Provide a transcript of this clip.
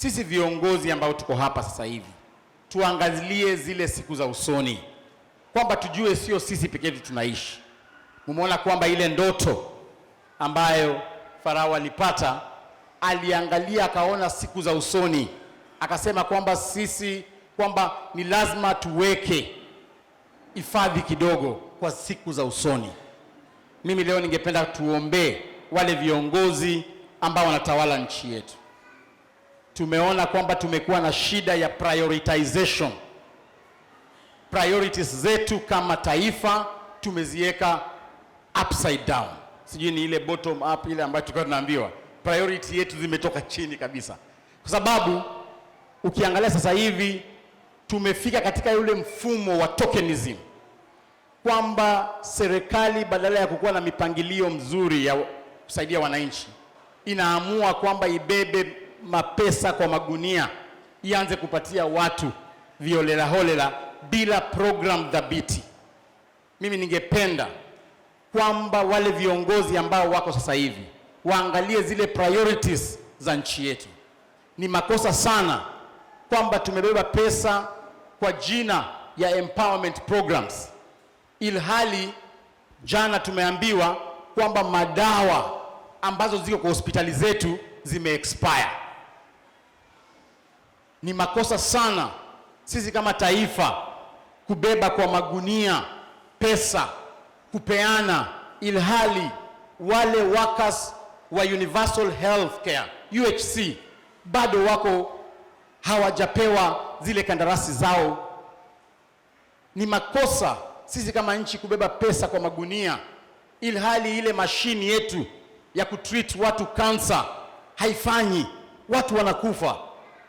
sisi viongozi ambao tuko hapa sasa hivi tuangazilie zile siku za usoni, kwamba tujue sio sisi peke yetu tunaishi. Mumeona kwamba ile ndoto ambayo Farao alipata, aliangalia akaona siku za usoni, akasema kwamba sisi, kwamba ni lazima tuweke hifadhi kidogo kwa siku za usoni. Mimi leo ningependa tuombee wale viongozi ambao wanatawala nchi yetu tumeona kwamba tumekuwa na shida ya prioritization. Priorities zetu kama taifa tumeziweka upside down, sijui ni ile bottom up ile ambayo tulikuwa tunaambiwa, priority yetu zimetoka chini kabisa, kwa sababu ukiangalia sasa hivi tumefika katika yule mfumo wa tokenism kwamba serikali badala ya kukuwa na mipangilio mzuri ya kusaidia wananchi inaamua kwamba ibebe mapesa kwa magunia, ianze kupatia watu violela holela bila program dhabiti. Mimi ningependa kwamba wale viongozi ambao wako sasa hivi waangalie zile priorities za nchi yetu. Ni makosa sana kwamba tumebeba pesa kwa jina ya empowerment programs, ilhali jana tumeambiwa kwamba madawa ambazo ziko kwa hospitali zetu zime expire. Ni makosa sana sisi kama taifa kubeba kwa magunia pesa kupeana, ilhali wale workers wa Universal Health Care UHC bado wako hawajapewa zile kandarasi zao. Ni makosa sisi kama nchi kubeba pesa kwa magunia, ilhali ile mashini yetu ya kutreat watu kansa haifanyi, watu wanakufa.